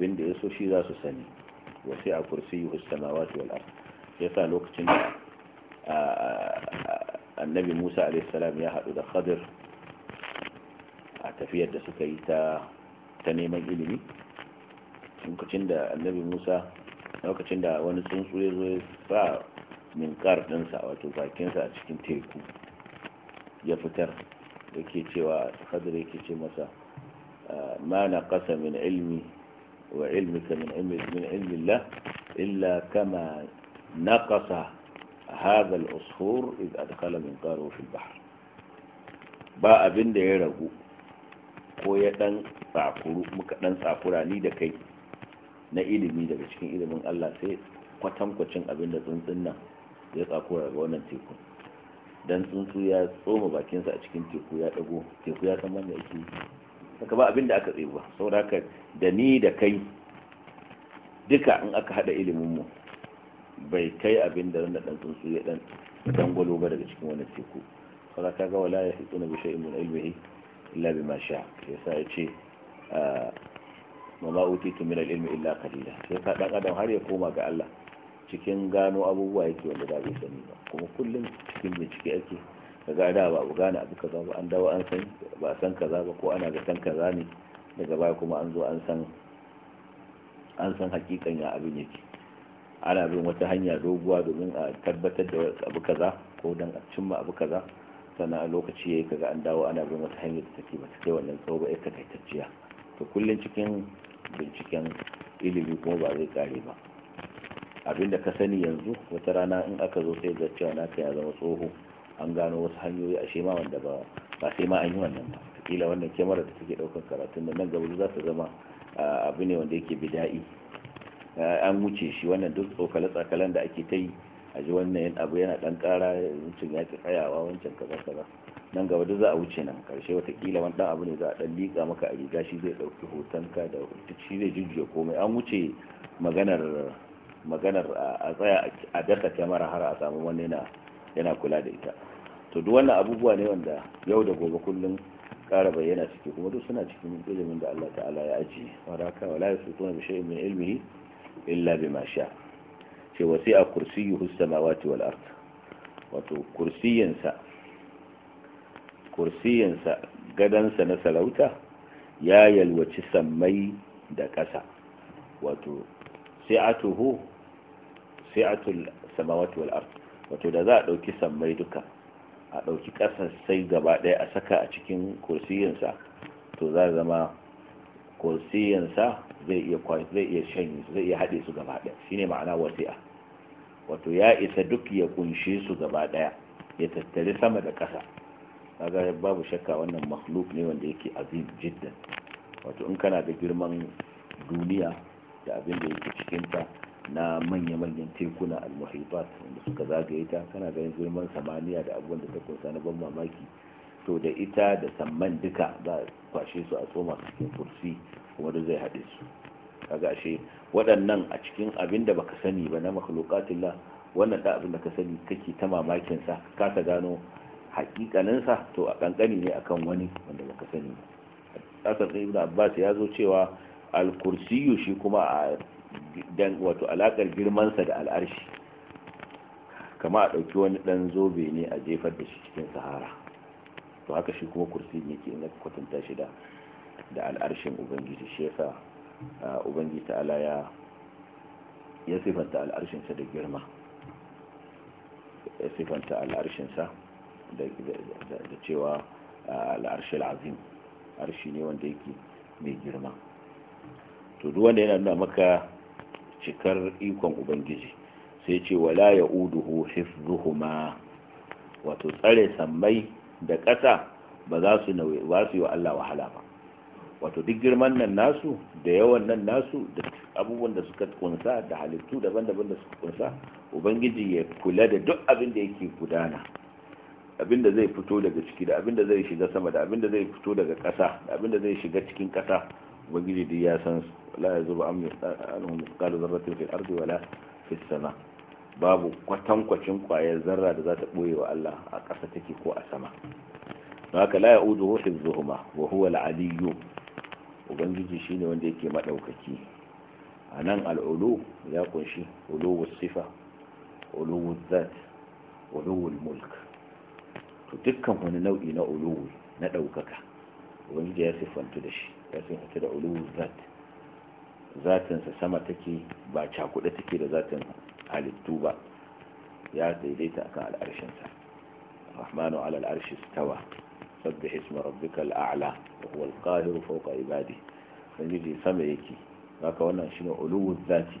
abin da ya so shi za su sani wasu a kursi samawati wal ya sa lokacin da annabi Musa alaihi salam ya haɗu da Khadir a tafiyar da suka yi ta neman ilimi lokacin da annabi Musa lokacin da wani tsuntsu ya zo ya sa minkar ɗinsa wato bakinsa a cikin teku ya fitar ke cewa Khadir yake ce masa ma na ƙasa min ilimi. وعلمك من علم من علم الله إلا كما نقص هذا الأصفور إذ أدخل منقاره في البحر ba abin da ya ragu ko ya dan tsakuru muka dan tsakura ni da kai na ilimi daga cikin ilimin Allah sai kwatankwacin abin da tsuntsun nan ya tsakura daga wannan teku dan tsuntsu ya tsoma bakinsa a cikin teku ya dago teku ya san wanda yake saka ba abin da aka tsebu ba sau da da ni da kai duka in aka hada ilimin mu bai kai abin da ran dan tsuntsu ya dan dangwalo ba daga cikin wani teku saboda kaga wala ya hituna bi shay'in min ilmihi illa ya sha yasa yace ma ah, ma utitu min al-ilmi illa qalila sai ka dan adam har ya koma ga Allah cikin gano abubuwa yake wanda ba bai sani ba kuma kullum cikin bincike ake ka ga da ba gane abu kaza ba an dawo an san ba san kaza ba ko ana da san kaza ne daga baya kuma an zo an san hakikan ya abin yake ana bin wata hanya doguwa domin a tabbatar da abu kaza ko dan a cimma abu kaza sannan a lokaci ya yi kaga an dawo ana bin wata hanya da take mata kai wannan tsawo ba ita takaitacciya to kullun cikin binciken ilimi kuma ba zai kare ba abinda ka sani yanzu wata rana in aka zo sai da cewa naka ya zama tsoho an gano wasu hanyoyi a shema wanda ba ba sai ma an yi wannan ba kila wannan kyamara da take daukan karatun da nan gaba za su zama abu ne wanda yake bida'i an wuce shi wannan duk tsokale tsakalan da ake ta yi a ji wannan abu yana dan kara wancan ya ki tsayawa wancan kaza kaza nan gaba duk za a wuce nan karshe kila wani dan abu ne za a dan liƙa maka a riga shi zai hoton ka da shi zai jujjuya komai an wuce maganar maganar a tsaya a daka kyamara har a samu wani na yana kula da ita to duk wannan abubuwa ne wanda yau da gobe kullum kara bayyana suke kuma duk suna cikin ilimin da Allah ta'ala ya aji wanda haka wala yasutuna bi shay'in min ilmihi illa bima sha ce wasi'a kursiyyuhu samawati wal ard wato kursiyinsa kursiyinsa gadansa na sarauta ya yalwaci sammai da ƙasa wato si'atuhu si'atul samawati wal ard wato da za a ɗauki sammai duka a ɗauki ƙasa sai gaba ɗaya a saka a cikin kursiyinsa to za a zama kursiyinsa zai iya zai iya shanye zai iya haɗe su gaba ɗaya shine ma'ana wasi'a wato ya isa duk ya kunshi su gaba ɗaya ya tattari sama da ƙasa kaga babu shakka wannan makhluk ne wanda yake azim jiddan wato in kana da girman duniya da abin da yake cikinta na manya-manyan tekuna al muhibat wanda suka zagaye ta kana ganin girman samaniya da abubuwan da ta kunsa na ban mamaki to da ita da samman duka za a kwashe su a tsoma cikin kursi kuma da zai haɗe su kaga ashe waɗannan a cikin abin da baka sani ba na makhluqatillah wannan da abin da ka sani kake ta mamakin sa ka ta gano hakikaninsa to a kankani ne akan wani wanda baka sani ba Asar Ibn Abbas ya zo cewa al-kursiyu shi kuma a dan wato alakar girmansa da al'arshi kama a ɗauki wani ɗan zobe ne a jefar da shi cikin sahara to haka shi kuma kursi ne ke na kwatanta shi da da al'arshin ubangiji shi yasa ubangiji ta ya ya sifanta al'arshinsa da girma ya sifanta al'arshinsa da cewa al'arshi azim arshi ne wanda yake mai girma to duk wanda yana nuna maka cikar ikon ubangiji sai ce wala ya uduhu hifzuhuma wato tsare sammai da ƙasa ba za su yi wa Allah wahala ba wato duk girman nan nasu da yawan nan nasu da abubuwan da suka kunsa da halittu daban-daban da suka kunsa ubangiji ya kula da duk abin da yake gudana abin da zai fito daga ciki da abin da zai shiga sama da abin da zai fito daga ƙasa da abin da zai shiga cikin ƙasa ubangiji duk ya san la yazuru am anhum mithqalu dharratin fil ardi wala fis sama babu kwatankwacin kwayar zarra da za ta ɓoye wa Allah a ƙasa take ko a sama don haka la ya'uduhu hifzuhuma wa huwa al-aliyyu ubangiji shine wanda yake madaukaki a nan al'ulu ya kunshi uluwul sifa uluwul zat to dukkan wani nau'i na uluwul na ɗaukaka ubangiji ya siffantu da shi ya siffantu da uluwul zatinsa sama take ba cakuɗe take da zatin halittu ba ya daidaita akan al'arshinsa rahmanu ala al'arshi stawa sabbih isma rabbika al'a'la wa huwa al qahir fawqa ibadi sanjiji sama yake haka wannan shine uluwuz zati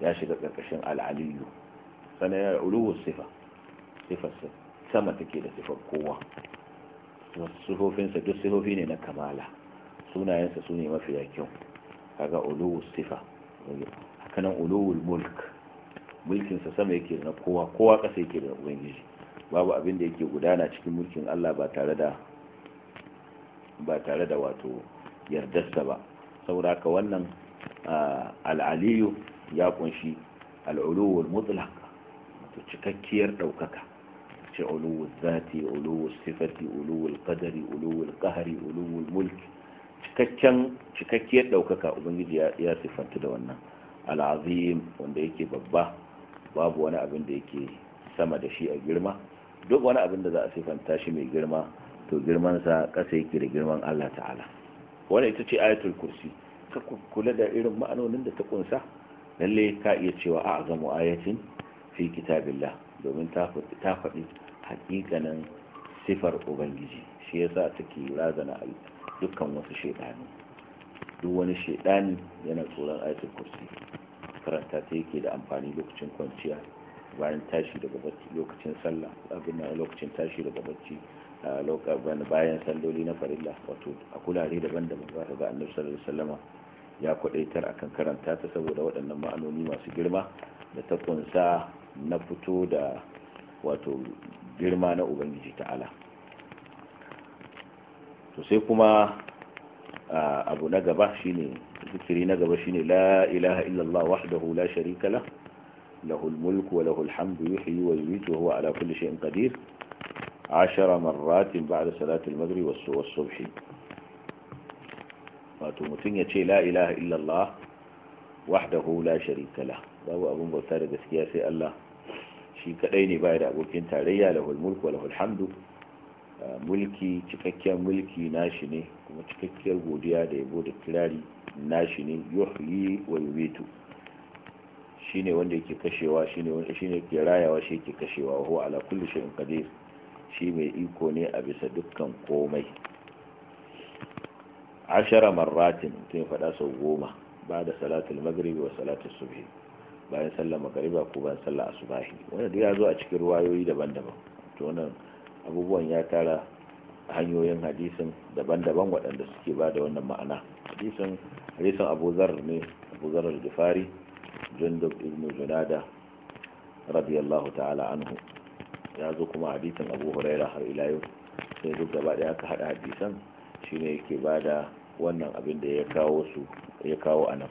ya shiga karkashin al'aliyu sanan ya uluwuz sifa sifa sama take da sifar kowa sifofinsa duk sifofi ne na kamala sunayensa su ne mafiya kyau kaga uluwul sifa hakanan uluwul mulk mulkin sama yake na kowa kowa kasa yake da ubangiji babu abin da yake gudana cikin mulkin Allah ba tare da ba tare da wato yardarsa ba saboda haka wannan al'aliyu ya kunshi al'uluwul mutlaq wato cikakkiyar daukaka ce uluwul zati uluwul sifati uluwul qadari uluwul qahri uluwul mulki cikakken cikakkiyar ɗaukaka ubangiji ya siffanta da wannan al'azim wanda yake babba babu wani abin da yake sama da shi a girma duk wani abin da za a siffanta shi mai girma to girmansa ƙasa yake da girman Allah ta'ala Wani ita ce ayatul kursi ka kula da irin ma'anonin da ta kunsa lalle ka iya cewa a azamu ayatin fi kitabillah domin ta faɗi hakikanin sifar ubangiji shi yasa take razana dukkan wasu shaidani duk wani shaidani yana tsoron ayatul kursi karanta ta yake da amfani lokacin kwanciya bayan tashi daga bacci lokacin sallah abin lokacin tashi daga bacci bayan salloli na farilla wato a kulare daban-daban za ta ga annabi sallallahu alaihi wasallam ya kwadaitar akan karanta ta saboda waɗannan ma'anoni masu girma da ta kunsa na fito da wato girma na ubangiji ta'ala to sai kuma abu na gaba shine zikiri na gaba shine la ilaha illallah wahdahu la sharika la mulku wa hamdu yuhyi wa له الملك وله الحمد يحيي ويميت وهو على كل شيء قدير عشر مرات بعد صلاة المغرب والصبح وتمتن يتشي لا إله إلا الله wahdahu la sharika la babu abun bauta da gaskiya sai Allah shi kadai ne baya da abokin tarayya lahul mulku wa lahul hamdu ah, mulki cikakkiyar mulki nashi ne kuma cikakkiyar godiya da yabo da kirari nashi ne yuhyi wa yumitu shine wanda yake kashewa shine wanda shine yake rayawa shi yake kashewa wa huwa ala kulli shay'in qadir shi mai iko ne a bisa dukkan komai ashara marratin tun ya faɗa sau goma ba da salatul maghribi wa salatul subhi bayan sallar magariba ko bayan sallar asubahi wanda duk ya zo a cikin ruwayoyi daban-daban to wannan abubuwan ya tara hanyoyin hadisin daban-daban waɗanda suke ba da wannan ma'ana hadisin hadisin abu zarar ne abu zarar gifari jundub ibn junada radiyallahu ta'ala anhu ya zo kuma hadisin abu huraira har ila yau sai duk gaba ɗaya aka haɗa hadisan shine yake ba da wannan abin da ya kawo su ya kawo a nan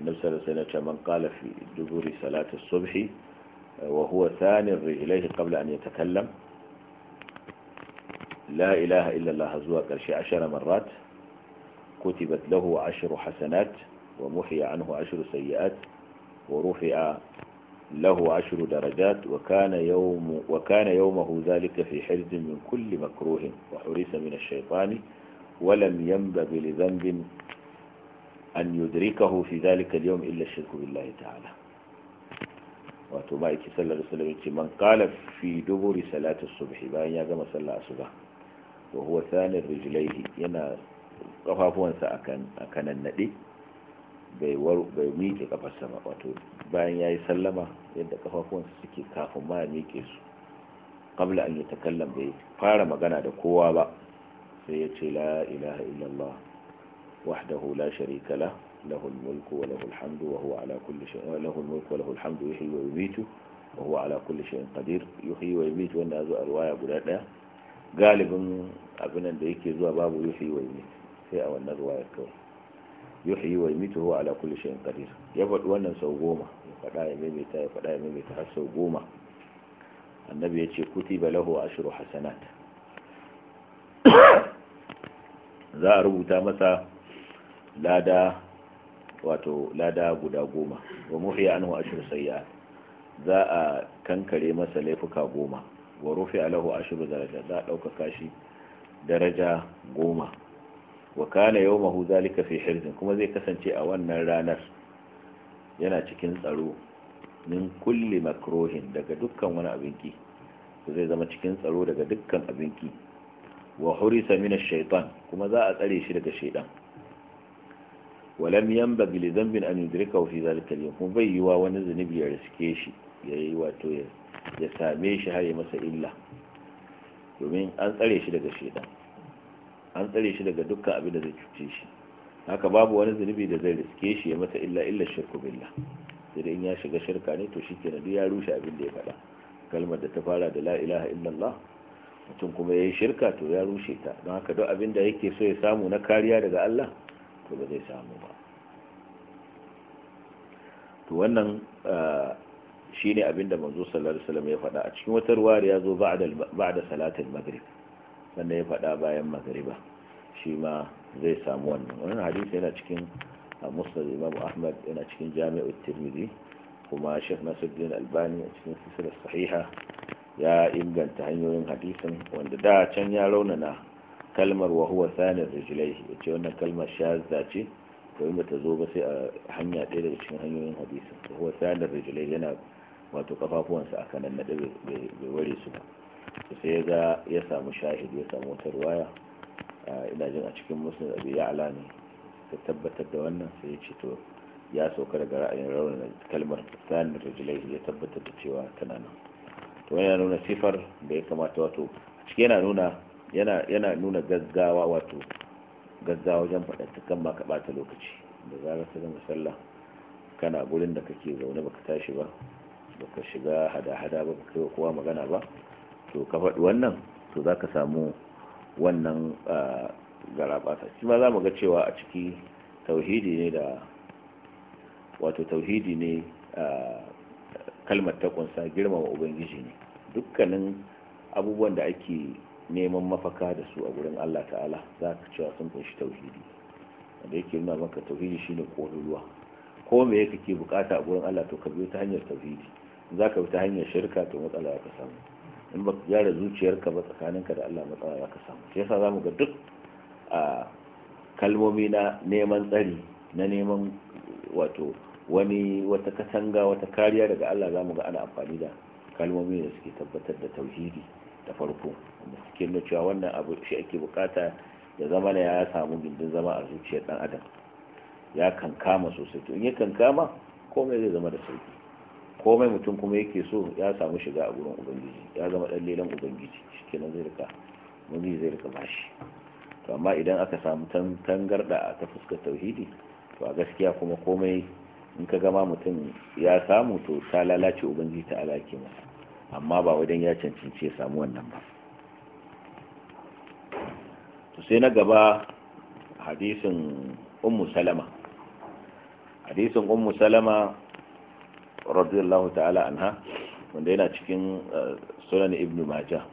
النبي صلى الله عليه وسلم من قال في دبر صلاة الصبح وهو ثاني رجليه قبل أن يتكلم لا إله إلا الله زوى كرشي عشر مرات كتبت له عشر حسنات ومحي عنه عشر سيئات ورفع له عشر درجات وكان, يوم وكان يومه ذلك في حرز من كل مكروه وحرس من الشيطان ولم ينبغ لذنب an yudrikahu fi dalika al-yawm illa shirku billahi ta'ala wato ba yake sallar sallar ce man qala fi duburi salati subhi bayan ya gama sallar asuba wa huwa thani rijlaihi yana kafafuwansa akan akan nade bai bai miƙe kafar sama wato bayan yayi sallama yadda kafafuwansa suke kafin ma ya miƙe su qabla an yatakallam bai fara magana da kowa ba sai ya ce la ilaha illallah وحده لا شريك له له الملك وله الحمد وهو على كل شيء له الملك وله الحمد يحيي ويميت وهو على كل شيء قدير يحيي ويميت wanda zuwa riwaya guda daya galibin abinan da yake zuwa babu yuhyi wa yumit sai a wannan ruwaya kawai yuhyi wa yumit huwa ala kulli shay'in qadir ya faɗi wannan sau goma ya faɗa ya maimaita ya faɗa ya maimaita har sau goma annabi ya ce kutiba lahu ashru hasanat za a rubuta masa lada wato lada guda goma wa muhiya anhu ashir sayya za a kankare masa laifuka goma wa rufe alahu ashir daraja za a ɗaukaka shi daraja goma wa kana yau mahu zalika fi hirzin kuma zai kasance a wannan ranar yana cikin tsaro min kulli makrohin daga dukkan wani abinki zai zama cikin tsaro daga dukkan abinki wa hurisa min shaitan kuma za a tsare shi daga shaitan walam yanbaghi li dhanbin an yudrikahu fi dhalika al-yawm kuma bai yiwa wani zunubi ya riske shi yayi wato ya same shi har ya masa illa domin an tsare shi daga shedan an tsare shi daga dukkan abin da zai cuce shi haka babu wani zunubi da zai riske shi ya masa illa illa shirku billah sai in ya shiga shirka ne to shikenan duk ya rushe abin da ya faɗa kalmar da ta fara da la ilaha illallah mutum kuma ya yi shirka to ya rushe ta don haka duk abin da yake so ya samu na kariya daga Allah to ba zai samu ba to wannan shine abinda manzo sallallahu alaihi wasallam ya faɗa a cikin wata ruwaya ya zo ba'da ba'da salatul maghrib sannan ya faɗa bayan maghriba shi ma zai samu wannan wannan hadisi yana cikin musnad imam ahmad yana cikin jami'u tirmidhi kuma sheikh nasiruddin albani a cikin silsilar sahiha ya inganta hanyoyin hadisin wanda da can ya raunana kalmar wa huwa sanin rijilaihi ya ce wannan kalmar shazza ce Ko in ta zo ba sai a hanya ɗaya daga cikin hanyoyin hadisi wa huwa sanin rijilaihi yana wato kafafuwansa a kanan naɗe bai ware su ba sai ya ga ya samu shahid ya samu wata ruwaya ina jin a cikin musulun abu ya ala ne ta tabbatar da wannan sai ya ce to ya sauka daga ra'ayin raunin kalmar sanin rijilaihi ya tabbatar da cewa tana nan to yana nuna sifar da ya kamata wato a cikin yana nuna yana nuna gaggawa wato gaggawa wajen faɗa ma ka ɓata lokaci da zarar ta gama sallah kana gurin da kake zaune baka tashi ba baka shiga hada-hada ba baka yi kowa magana ba to ka faɗi wannan to za ka samu wannan garaɓasa shi ma za mu ga cewa a ciki tauhidi ne da wato tauhidi ne kalmar ta kunsa girmama ubangiji ne dukkanin abubuwan da ake neman mafaka da su a gurin Allah ta'ala za ka cewa sun kunshi tauhidi wanda yake nuna maka tauhidi shine kololuwa ko me yake ke bukata a gurin Allah to ka biyo ta hanyar tauhidi za ka bi ta hanyar shirka to matsala za ka samu in ba ka gyara zuciyarka ba tsakaninka da Allah matsala za ka samu shi yasa zamu ga duk a kalmomi na neman tsari na neman wato wani wata katanga wata kariya daga Allah zamu ga ana amfani da kalmomi da suke tabbatar da tauhidi da farko wanda suke nuna cewa wannan abu shi ake bukata da zama na ya samu gindin zama a zuciyar dan adam ya kankama sosai to in ya kankama komai zai zama da sauki komai mutum kuma yake so ya samu shiga a gurin ubangiji ya zama dan lelan ubangiji shikenan zai rika muni zai rika bashi to amma idan aka samu tangarda a ta fuskar tauhidi to a gaskiya kuma komai in ka gama mutum ya samu to ta lalace ubangiji ta alake masa amma ba wajen ya cancanci ya samu wannan ba to sai na gaba hadisin ummu salama hadisin ummu salama radiyallahu ta'ala anha wanda yana cikin eh, sunan ibn majah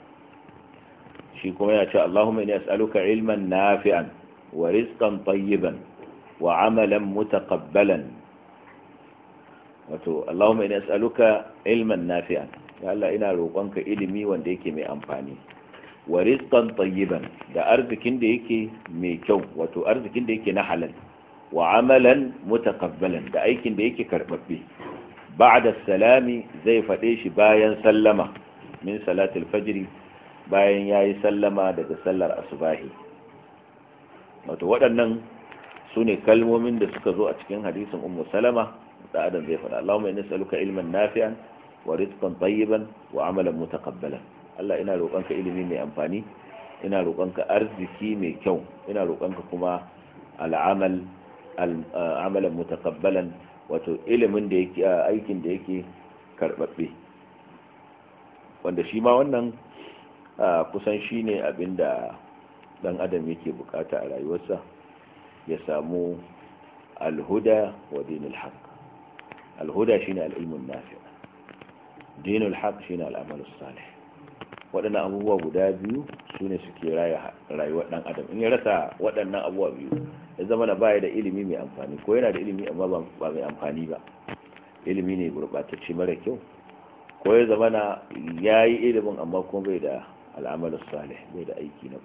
shi kuma yana cewa Allahumma inni as'aluka ilman nafi'an wa rizqan tayyiban wa 'amalan mutaqabbalan wato Allahumma inni as'aluka ilman nafi'an ya Allah ina roƙonka ilimi wanda yake mai amfani wa rizqan tayyiban da arzikin da yake mai kyau wato arzikin da yake na halal wa amalan mutaqabbalan da aikin da yake karbabbe ba'da salami zai fade shi bayan sallama min salatul fajr bayan yayi sallama daga sallar asubahi wato waɗannan su ne kalmomin da suka zo a cikin hadisin ummu salama da adam zai faɗa Allahumma inni ilmin ilman nafi'an wa rizqan tayyiban wa amalan mutaqabbalan Allah ina ilimi mai amfani ina ka arziki mai kyau ina roƙonka kuma al'amal uh, amalan mutakabbalan wato ilimin da yake uh, aikin da yake karɓaɓɓe wanda shi ma wannan uh, kusan shi ne abin ɗan adam yake bukata a rayuwarsa ya samu alhuda wa dinil haq alhuda shine al'ilmun nafi' dinul haq shine al'amalu salih waɗannan abubuwa guda biyu su ne suke rayuwar ɗan adam in ya rasa waɗannan abubuwa biyu ya zama na baya da ilimi mai amfani ko yana da ilimi amma ba mai amfani ba ilimi ne gurɓatacce mara kyau ko ya zama na ya yi ilimin amma kuma bai da al'amalu salih bai da aiki na